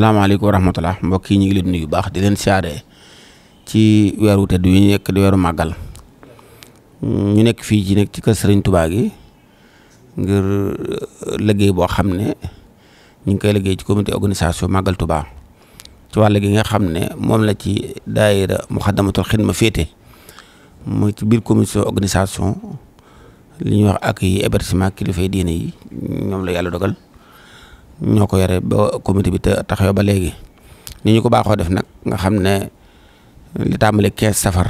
salaamaaleykum wa rahmatulah mbokk yi ñu ngi leen nuyu baax di leen siyaare ci weeru tedd wi ñu nekk di weeru màggal ñu nekk fii ci nekk ci kër Serigne Touba gi ngir liggéey boo xam ne ñu ngi koy liggéey ci comité organisation màggal Touba ci wàll gi nga xam ne moom la ci daayira Muxaddamatul Xidma féete mooy ci biir commission organisation li ñuy wax ak yi hébergement kilifa diine yi ñoom la yàlla dogal. ñoo ko yore ba comité bi taxawee ba léegi ni ñu ko baaxoo def nag nga xam ne li tàmbali kees safar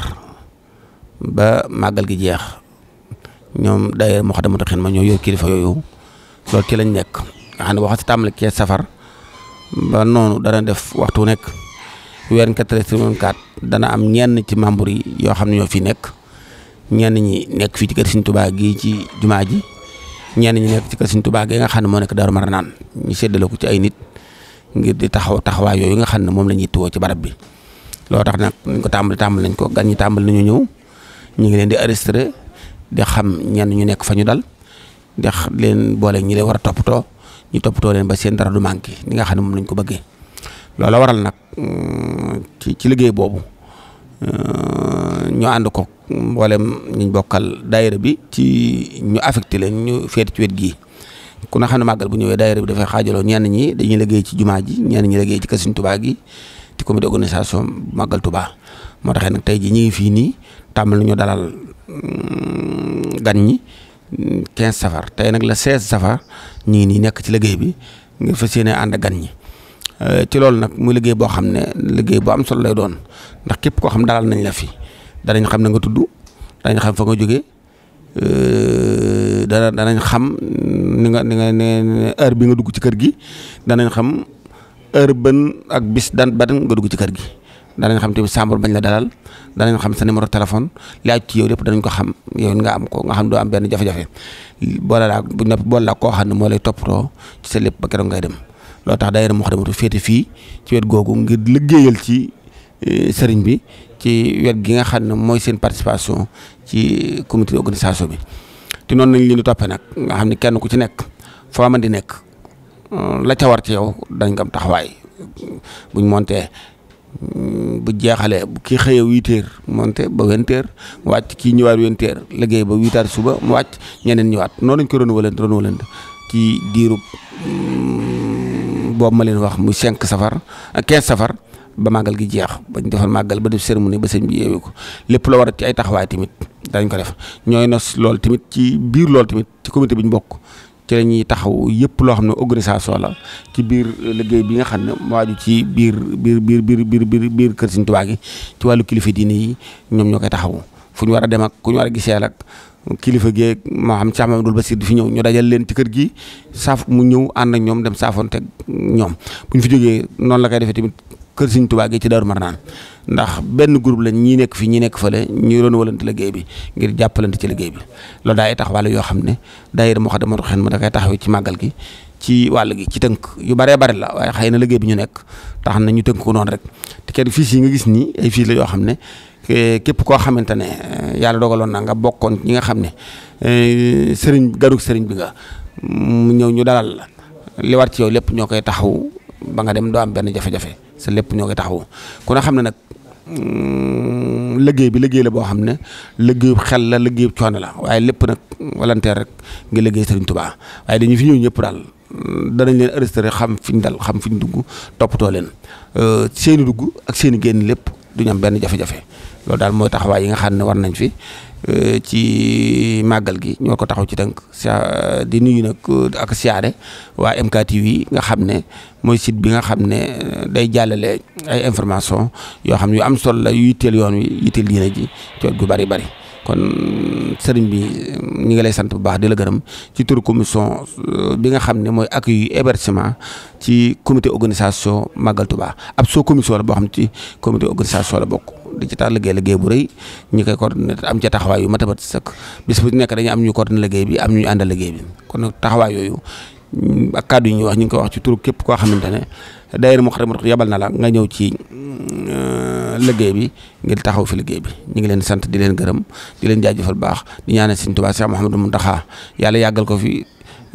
ba màggal gi jeex ñoom daayira Moukhaddamatoul ma ñoo yor kilifa yooyu loolu ci lañ nekk nga xam ne waxati tàmbali kees safar ba noonu dana def waxtu nekk weer 4 dana am ñenn ci membre yi yoo xam ne ñoo fi nekk ñenn ñi nekk fii ci kër Sëriñ Tuubaa gi ci jumaa ji ñenn ñu nekk ci kër Sëriñ Tuubaa nga xam ne moo nekk Daaru Marnaan ñu séddale ko ci ay nit ngir di taxaw taxawaay yooyu nga xam ne moom la ñuy yittewoo ci barab bi loo tax nag ñu ko tàmbali tàmbali nañ ko gan ñi tàmbali nañu ñëw ñu ngi leen di arrêté di xam ñenn ñu nekk fa ñu dal di leen boole ñi leen war a toppatoo ñu toppatoo leen ba seen dara du manqué li nga xam ne moom lañ ko bëggee loola waral nag mm, ci liggéey boobu euh, ñu ànd ko mboolem ñu bokkal daayira bi ci ñu affecté leen ñu féete ci wet gii ku na xam ne màggal bu ñëwee daayira bi dafay xaajaloo ñenn ñi dañuy liggéey ci jumaa ji ñenn ñi liggéey ci kër Sëriñ Tuubaa gi ci comité organisation màggal Tuubaa moo taxee nag tey ji ñu ngi fii nii tàmbali ñu dalal mm, gan ñi 15 safar tey nag la 16 safar ñu ngi nii nekk ci liggéey bi ngir fas yéene ànd gan ñi euh, ci loolu nag mu liggéey boo xam ne liggéey bu am solo lay doon ndax képp koo xam dalal nañ la fi danañ xam na nga tudd danañ xam fa nga jóge euh, dana danañ xam ni nga ni nga ne heure bi nga dugg ci kër gi danañ xam heure ban ak bis dan ban nga dugg ci kër gi danañ xam tamit chambre bañ la dalal danañ xam sa numéro téléphone laaj ci yow lépp danañ ko xam yow nga am ko nga xam doo am benn jafe-jafe boole laa bu noppi boole laa koo xam ne moo lay toppatoo ci sa lépp ba keroog ngay dem loo tax daayira Moukhaddamatoul féete fii ci wet googu ngir liggéeyal ci Euh, sëriñ bi ci wet gi nga xam ne mooy seen participation ci comité d'organisation bi te noonu nañ leen di toppee nag nga xam ne kenn ku ci nekk foo mën di nekk euh, la ca war ci yow dañ ko am taxawaay buñ montee mm, bu jeexalee bu kii xëyee huit heures monté ba vingt heures mu wàcc kii ñëwaat vingt heures liggéey ba huit heures suba mu wàcc ñeneen ñëwaat noonu lañ ko renouvelé renouvelé ci diirub mm, boobu ma leen wax muy cinq safar ak quinze safar ba màggal gi jeex bañ defal màggal ba def cérémonie ba sëñ bi yeewee lépp loo war a ci ay taxawaay dañ ko def ñooy nos loolu tamit ci biir loolu tamit ci comité bi ñu bokk ci la ñuy taxaw yëpp loo xam ne organisation la ci biir liggéey bi nga xam ne waaju ci biir biir biir biir biir biir biir kër Sëñ Tuubaa gi ci wàllu kilifa diine yi ñoom ñoo koy taxawu fu ñu war a dem ak ku ñu war a gisee ak kilifa geeg moo xam Cheikh Mamadou Bassir di fi ñëw ñu dajal leen ci kër gi saaf mu ñëw ànd ak ñoom dem saafoon teg ñoom bu fi jógee noonu la koy defee tamit kër Sëriñ Tuubaa gi ci Daaru Marnaan ndax benn groupe lañ ñi nekk fii ñi nekk fële ñu doon walante liggéey bi ngir jàppalante ci liggéey bi loolu daay tax wàll yoo xam ne daayira Moukhaddamatoul Khidma da koy taxaw ci màggal gi ci wàll gi ci tënk yu baree bari la waaye xëy na liggéey bi ñu nekk tax na ñu tënk noonu rek te kenn yi nga gis nii ay fiis yoo xam ne eh, képp koo xamante ne eh, yàlla dogaloon na nga bokkoon ñi nga xam ne eh, sëriñ garuk sëriñ bi nga ñëw ñu dalal la li war ci yow lépp ñoo koy taxaw ba nga dem doo am benn jafe-jafe sa lépp ñoo ko taxawu kon ne xam ne nag mm, liggéey bi liggéey la boo xam ne liggéeyu xel la liggéeyu coono la waaye lépp nag volontaire rek nga liggéey Serigne tubaa waaye dañu fi ñëw ñëpp daal danañ leen arrêté xam fi ñu dal xam fi ñu dugg toppatoo leen euh, seen i dugg ak seeni i génn lépp duñu am benn jafe-jafe. loolu daal mooy taxawaay yi nga xam ne war nañ fi euh, ci màggal gi ñu war ko taxaw ci tënk di nuyu nag euh, ak siyaare waa MKTV yi nga xam ne mooy site bi nga xam ne euh, day jàllale ay information yoo xam ne yu am solo la yu yitteel yoon wi yitteel diina ji coot gu bari bari kon sëriñ bi ñu ngi lay sant bu baax di la gërëm ci turu commission bi nga xam ne mooy accueil hébergement ci comité organisation Magal Touba ab soo commission la boo xam ci comité organisation la bokk di ci taal liggéey liggéey bu rëy ñu koy coordonné am ca ta yu mat a mat sëkk bis bu nekk dañu am bi am ñu àndal liggéey bi kon nag ñu ngi koy wax ci turu képp koo xamante ne daayira Moukhaddamatoul Khidma yabal na la nga ñëw ci euh, liggéey bi ngir taxaw fi liggéey bi ñu ngi leen di leen gërëm di leen jaajëfal baax di ñaanal Sëriñ Tuubaa Cheikh Mouhamadou Mountakha yàlla yàggal ko fi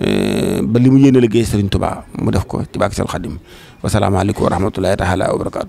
euh, ba li mu yéene liggéey Sëriñ Tuubaa mu def ko ci bàkk seen Xaadim wasalaamaaleykum wa rahmatullahi